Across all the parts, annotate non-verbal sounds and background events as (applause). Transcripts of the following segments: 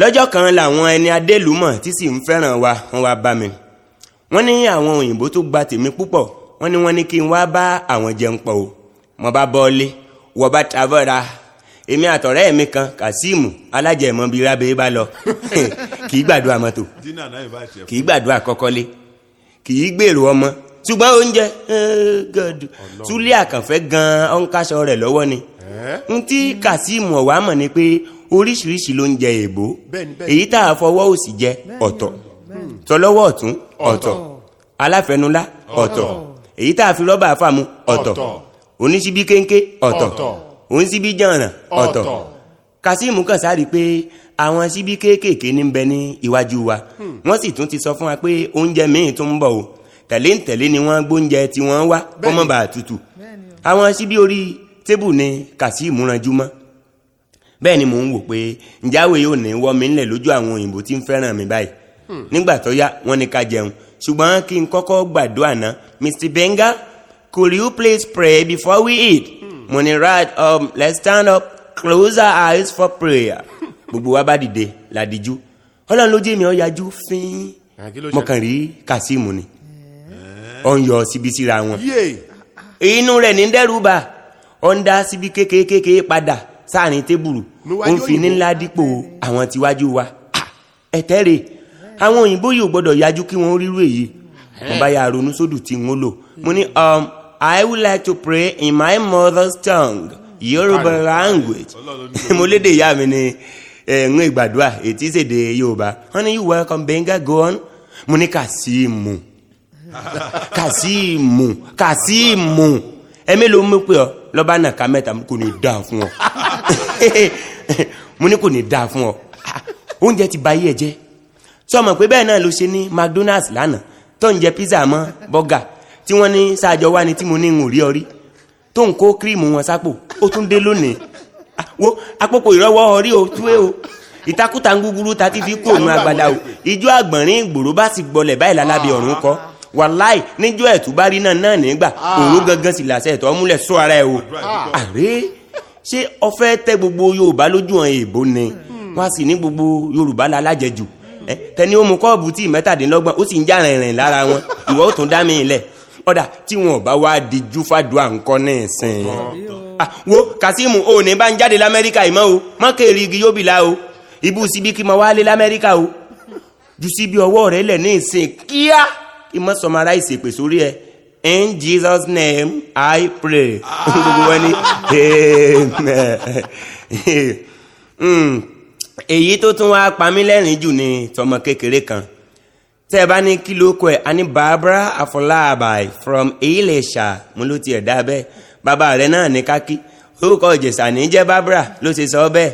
lọ́jọ́ kan làwọn ẹni adélùmọ̀ tí sì ń fẹ́ràn wa wọ́n wá bá mi wọ́n ní àwọn òyìnbó tó gba tèmi púpọ̀ wọ́n ní wọ́n ní kí n wá bá àwọn jẹun pọ̀ o mo bá bọ́ọ̀lé wọ́n bá tavọ́ra èmi àtọ̀rẹ́ mi kan Kazeem alájẹmọ́bi rábẹ́ bá lọ (laughs) kì í gbàdúrà mọ́tò kì í gbàdúrà kọ́kọ́lé kì í gbèrò ọmọ ṣùgbọ́n oúnjẹ gọ̀dù Àkànfẹ́ gan-an ọ̀nkáṣọ rẹ̀ lọ́wọ́ ni n tí Kazeem ọ̀wá mọ̀ ni pé oríṣiríṣi ló ń jẹ èèbó èyí tá a fọwọ́ òsì jẹ ọ̀tọ̀ tọlọ́wọ́ ọ̀tún ọ̀tọ̀ aláfẹnulá ọ̀tọ̀ èyí tá a fi rọ́bà fàmù ọ̀tọ̀ oníṣíbí kéńké ọ̀tọ̀ oníṣíbí jàǹrà ọ̀tọ̀ kasimu kan sáré pé àwọn síbí kéékèèké ní bẹ ní iwájú wa hmm. wọ́n sì tún ti sọ fún wa pé oúnjẹ míì tún ń bọ̀ o tẹ̀léǹtẹ̀lé ni wọ́n gbóúnjẹ tí wọ́n wá kọ́mọ́bà tutù àwọn síbí orí tébù ni kasimu ranjú mọ́ bẹ́ẹ̀ ni mò ń wò pé ǹjáwé yóò ní wọ́ ńlẹ̀ lójú àwọn òyìnbó tí ń fẹ́ràn mi báyìí hmm. nígbà tó yá wọ́n ní ká jẹun ṣùgbọ́n kí n kọ́kọ́ gbàdúrà ná Mr. Benga could you please pray before we eat hmm. mo ní right um, let's stand up close our eyes for prayer (laughs) gbogbo wa bá dìde làdìjú ọlọ́run ló jẹ́ mi ọ̀yájú fín mo kàn rí Kazeem ni ó ń yọ síbi síra wọn inú rẹ̀ ní dẹ́rù bà ó ń dá síbi kékeré padà sáàrin tébùrù ń fi ní ńlá dípò àwọn tiwájú wa ẹ̀tẹ́ àwọn òyìnbó yìí ò gbọ́dọ̀ yájú kí wọ́n rírú èyí wọ́n bá yà ronú sódù tí wọ́n lò mo ní um, I would like to pray in my mother's tongue Yorùbá language (laughs) mo léde ìyá mi ní ẹ̀ẹ́n ìgbàdúrà ètí ìṣèdè Yorùbá wọ́n ní you welcome Benga go on mo ní Kàsíìmù (laughs) Kàsíìmù Kàsíìmù ẹ̀mí ló mú pé ọ lọ́ba nàka mẹ́ta kò ní dáa fún ọ. (laughs) (laughs) mo ní kò ní dáa fún ọ ah, oúnjẹ ti ba ayé ẹ jẹ́ tí ọmọ pé bẹ́ẹ̀ náà ló ṣe ní McDonald's lánàá tó ń jẹ pizza mọ́ bọ́gà tí wọ́n ní sáàjọ wá ní tí mo ní ń rí ọrí tó ń kó kírìmù wọn sápò ó tún dé lónìí ah, wo apòpò ìrọwọ́ ọrí o tú e o ìtakùtà ń gúgúrú ta ti fi kú òun agbada o ijó àgbọ̀nrín ìgboro bá sì gbọlẹ̀ báyìí lálábẹ́ ọ̀run kọ́ wàláì níjọ́ ẹ̀tú bá rí náà náà nígbà ah. òru gangan sì làṣẹ ẹ̀tọ́ múlẹ̀ sọ ara ẹ̀ o àrè ṣé ọfẹ́ tẹ gbogbo yorùbá lójú ọ̀hún èèbó ni wọ́n á sì ní gbogbo yorùbá la lájẹjù tẹni ó mu kọ́ọ̀bù tí mẹ́tàdínlọ́gbọ̀n ó sì ń já rìnrìn lára wọn ìwọ ó tún dá mi ilẹ̀ ọ̀dà tí wọn ò bá wá di júfàdùà nǹkan ní ìsìn ah, wo Kasimu ò ní bá ń jáde lamẹ́ríkà yìí mọ́ o mọ́ kéèrè igi yóò bì la o ibú síbi kí mo wá lé lamẹ́ríkà o ju síbi ọwọ́ rẹ lẹ̀ ní ìsìn kíá kí mo ìsèpè sórí ẹ̀ In Jesus' name, I pray. Amen. wọn hmm. ni èyí tó tún wáá pa mí lẹ́rìn jù ni tọmọ kékeré kan tẹ́ ẹ bá ní kí ló kọ ẹ̀ a ní Barbara Afọláàbàì from Ilésà mo ló tiẹ̀ dá bẹ́ẹ̀ bàbá rẹ̀ náà ní kákí orúkọ ìjẹ̀sà ní jẹ́ Barbara ló ṣe sọ bẹ́ẹ̀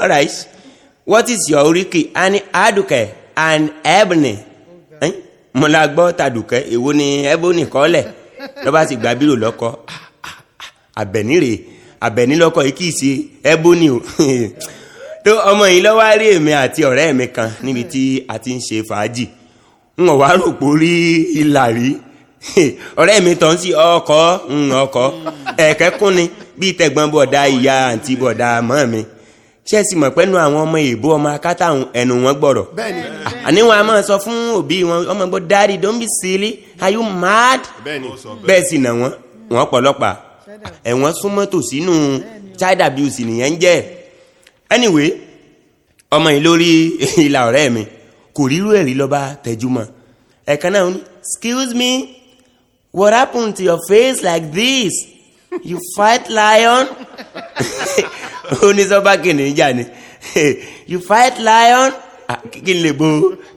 all right what is your oriki a ní Adùkẹ́ and Ebony. Oh, mo la gbọ́ tàdùkẹ́ èwo ni ẹbó nìkan lẹ̀ ló bá sì gba bírò lọ́kọ́ ah, ah, ah, àbẹ̀ní rè àbẹ̀ní lọ́kọ́ yìí kì í ṣe ẹbó ni o (laughs) tó ọmọ yìí lọ́wọ́ rí èmi àti ọ̀rẹ́ mi kan níbi tí a ti ń ṣe fàájì n ò wá rò pé orí ìlà rí (laughs) ọ̀rẹ́ mi tán sí ọkọ̀ ọkọ̀ ẹ̀kẹ́kùn ni bíi tẹ̀gbọ́n bọ̀dá ìyá àǹtí bọ̀dá mọ́ mi. ṣe sì mọ̀ pẹ́nu àwọn ọmọ èèbó ọmọ akátá ẹnu wọn gbọ́rọ̀ àní wọn a máa sọ fún òbí wọn ọmọ gbọ́ dáàdì don't be silly are you mad bẹ́ẹ̀ sì nà wọ́n wọ́n pọ̀lọ́pàá ẹ̀wọ̀n súnmọ́ tòsínú child abuse nìyẹn ń jẹ́ anyway ọmọ yìí lórí (laughs) ìlà ọ̀rẹ́ mi kò rírú ẹ̀rí lọ́ba tẹjúmọ́ ẹ̀kan náà excuse me what happened to your face like this you fight lion (laughs) onísọ́bà kìnìún jà ni (laughs) you fight lion ah, kí n lè bo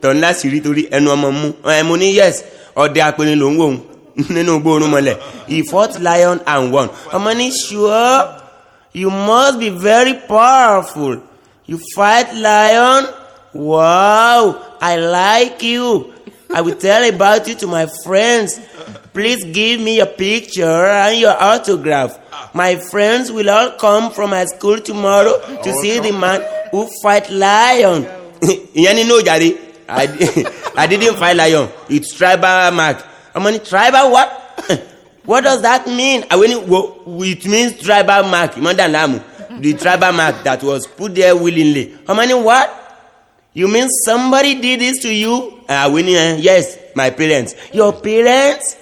tọ̀n láti rí torí ẹnu ọmọ mú ẹmu eh, ní yes ọdẹ apẹni ló ń wò (laughs) nínú gbóòórùn mọ́lẹ̀ he fought lion and won ọmọ ní sure you must be very powerful you fight lion wow i like you i will tell about you to my friends Please give me your picture and your autograph. Ah. My friends will all come from my school tomorrow to oh, see the man who fight lion. (laughs) ìyẹn nínú òjàre (laughs) I didn't fight lion it's tribal mark. How many tribal what? (coughs) what does that mean? I mean, it means tribal mark the tribal mark that was put there willingly. How many what? you mean somebody did this to you? àwọn ẹni eh, yes my parents. your parents?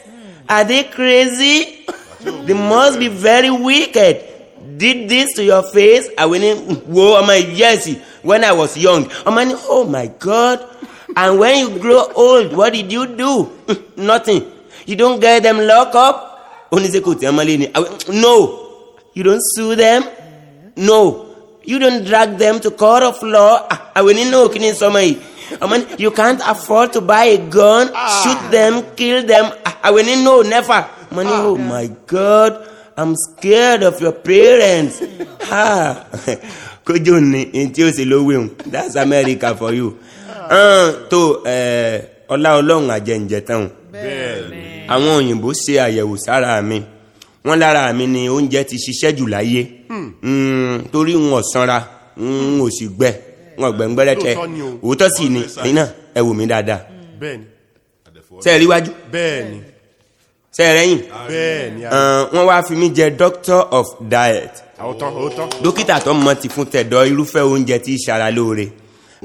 Are they crazy? they must be very wicked. Did this to your face? I went in, whoa, I'm like, yes, when I was young. I'm like, oh my God. And when you grow old, what did you do? (laughs) Nothing. You don't get them locked up? No. You don't sue them? No. You don't drag them to court of law? Ah, I went in, no, can you ọmọ you can't afford to buy a gun ah. shoot them kill them I àwọn ẹni no never Money. ní ah. oh my god i'm scared of your parents hmm. (laughs) kójú ni tí ó sì ló wéhùn that's america for you ah. Ah, tó ọlá ọlọ́run àjẹǹjẹ tán àwọn òyìnbó ṣe àyẹ̀wò sára mi wọ́n lára mi ni oúnjẹ ti ṣiṣẹ́ jù láyé hmm. Hmm, torí wọn ò sanra wọn ò sì gbẹ wọn gbẹ̀ngbẹ̀rẹ̀ tẹ òótọ́ sì ni ẹ̀yin náà ẹ wò mí dáadáa sẹ́ẹ̀rí wájú sẹ́ẹ̀rẹ́yìn wọ́n wá fi mí jẹ doctor of diet dókítà tó mọ̀ ti fún tẹ̀dọ̀ irúfẹ́ oúnjẹ tí í ṣara lóore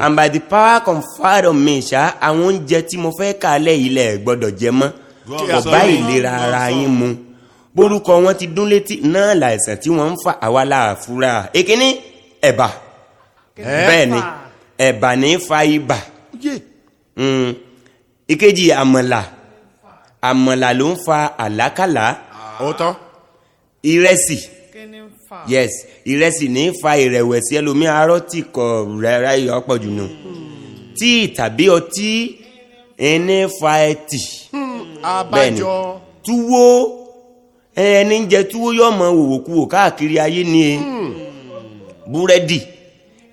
and by the power conferred on me ṣá àwọn oúnjẹ tí mo fẹ́ kàálẹ̀ ilẹ̀ gbọ́dọ̀ jẹ mọ́ kò bá ìlera ara yín mu bórúkọ wọn ti dún létí náà làìsàn tí wọ́n ń fa àwa láàfúrà èkíní ẹ̀bà. E bẹ́ẹ̀ ni ẹ̀bà ní fa ibà hmm. ìkejì àmàlà àmàlà ló ń fa àlákàlà ìrẹsì yes ìrẹsì ní fa ìrẹ̀wẹ̀sì ẹlòmí arọ́ tí kò rẹ́ra iyọ̀ pọ̀ jù nù hmm. tíì tàbí ọtí ẹni fa ẹtì hmm. bẹ́ẹ̀ ni túwó ẹni jẹ túwó yọ̀ọ́ mọ káàkiri ayé ni búrẹ́dì.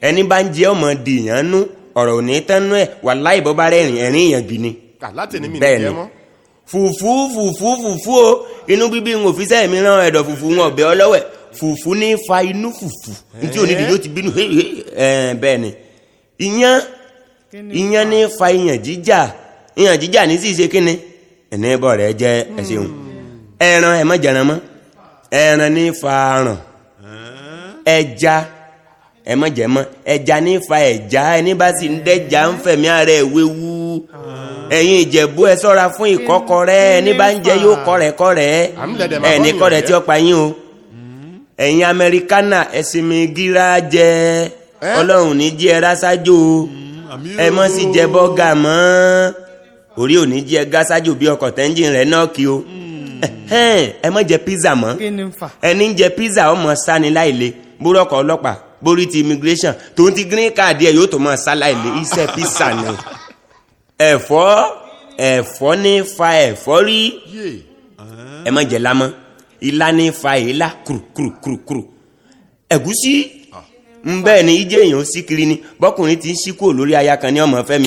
ẹni bá ń jẹ ọmọ dìyàn nú ọ̀rọ̀ ò ní tánú wà láì bọ́ bá rẹ́rìn ẹ̀rín èèyàn ah, ni. láti ní mi ní o inú bíbí ń mi rán ẹ̀dọ̀ fùfú wọn ọ̀bẹ ọlọ́wẹ̀ fùfú ní fa inú fùfú ti bínú bẹ́ẹ̀ ni ìyẹn ìyẹn ní fa ìyàn jíjà ìyàn jíjà ní kíni bọ̀ hmm. ẹran ẹran ní fa ẹ ẹja ní fa ẹja ẹni bá sì ń dẹja ń fẹ̀mí ara wéwu ah. ẹ fún ẹni bá ń jẹ yóò kọrẹ ẹni kọ̀rẹ́ tí ó pa yín o hmm. jẹ ọlọ́run ní jí ẹ rásájò hmm, ẹ bọga sì jẹ bọ́gà mọ́ orí jí ẹ gásájò bí náà kí o hmm. ẹ pizza ẹni ń jẹ pizza ọmọ sani borí ti immigration tó ti green card ẹ̀ yóò tó máa ṣàlàyé iṣẹ́ písà ni ẹ̀fọ́ ẹ̀fọ́ ní fa ẹ̀fọ́ rí ẹ má jẹ lámọ́ ilá ní fa ìlà kùrùkùrùkùrù ẹ̀gúsí ń ah. bẹ́ẹ̀ ni ìjẹ́ èèyàn si kiri ni bọ́kùnrin ti ń sí kúrò lórí aya kan ní ọmọ fẹ́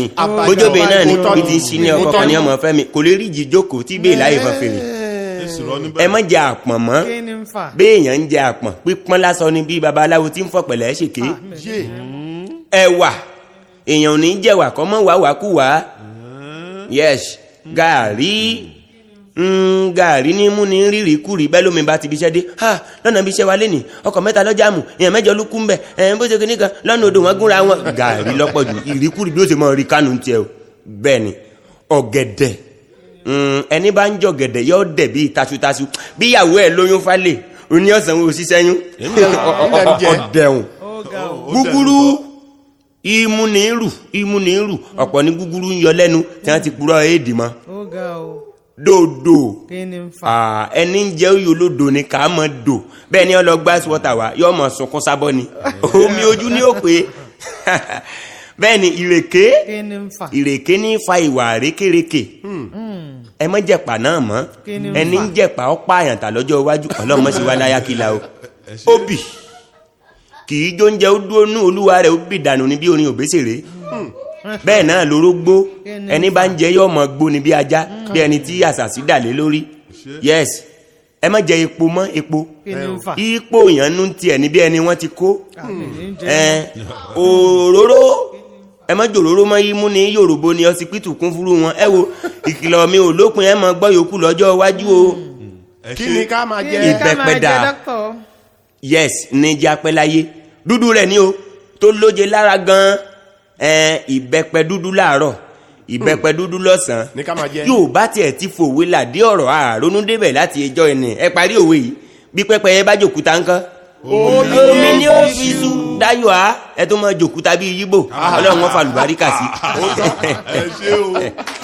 bójóbe náà ni ti ń sí ní ọkọ kan ní ọmọ fẹ́ mi kò lè rí ìjì jókòó tí bẹ́ẹ̀ láyé fọ́n fèrè ẹ mọ̀ jẹ àpọ̀n mọ́ béèyàn ń jẹ àpọ̀n pípọ́n lásán ni bí babaláwo ti ń fọ pẹ̀lẹ́ ṣèké ẹ̀wà èèyàn ò ní jẹ̀wà kọ́ mọ́ wàá wàá kú wàá yes gàrí hmm, gàrí ní mú ní rírì kúrì bẹ́ẹ̀ lómi bá ti bí iṣẹ́ dé ha lọ́nà bí iṣẹ́ wa lé ní ọkọ̀ mẹ́ta lọ́jà mù èèyàn mẹ́jọ ló kú mbẹ̀ ẹ̀yìn bó ṣe kí nìkan lọ́nà odò wọn gúnra wọn gàrí lọ́pọ̀ jù ìrìkúrì bí ó ṣe mọ̀ rí kánú tiẹ̀ bẹ́ẹ̀ ni ọ̀gẹ̀dẹ̀ Mm, ẹni bá ń jọ gẹ̀dẹ̀ yóò dẹ̀ bíi tasutasu bí ìyàwó ẹ̀ lóyún falẹ̀ òní ọ̀sán wo ṣiṣẹ́yún ọ̀dẹ̀hùn gúgúrú imú ní rù imú ní rù ọ̀pọ̀ ní gúgúrú ń yọ lẹ́nu tí wọ́n ti purọ́ éèdì mọ́ dòdò ẹni ń jẹ́ òye olódò ni kà á mọ̀ dò bẹ́ẹ̀ ni ọ lọ gbá wọ́tà wá yọ ọmọ sunkún sábọ́ ni omi ojú ni ó pé (laughs) bẹ́ẹ̀ ni ìrèké ìrèké ní fa ìwà rékèrèké. Hmm ẹ mọ́ jẹ̀pà náà mọ́ ẹni ń jẹ̀pà ó pààyàn tà lọ́jọ́ iwájú ọlọ́mọ sí wa láyà kí la o ó bì kì í jó ń jẹ ó dúró nú olúwa rẹ̀ ó bì dànù ní orin òbésèré hmm. bẹ́ẹ̀ náà lórógbó ẹni bá ń jẹ yóò mọ gbó ni bí ajá bí ẹni tí àṣàṣì dà lórí yes ẹ má jẹ epo mọ́ epo ipò yẹn nú tiẹ̀ níbi ẹni wọ́n ti kó òróró ẹ mọ jòróró mọ yín mú ní yorùbá ní ọsibítù kún fúru wọn ẹ wo ìkìlọ̀ mi ò lópin ẹ mọ gbọ́ yòókù lọ́jọ́ iwájú o. kí ni ká máa jẹ ìbẹ́pẹ́dà yes ní jẹ́ apẹ́láyé dúdú rẹ̀ ni o tó lóje lára gan-an ẹ ìbẹ́pẹ́ dúdú láàárọ̀ ìbẹ́pẹ́ hmm. dúdú lọ́sàn-án yóò bá tiẹ̀ ti fòwe làdí ọ̀rọ̀ àrònú débẹ̀ láti ẹjọ́ ẹni ẹ parí òwe yìí bí pẹ́pẹ́yẹ bá jòkúta ńkọ́ omi ni ó fi su táyọ̀ á ẹ tó máa jòkúta bíi yíbò ah. ọlọ́run wọn fa lùbáríkà sí. Ah. (laughs)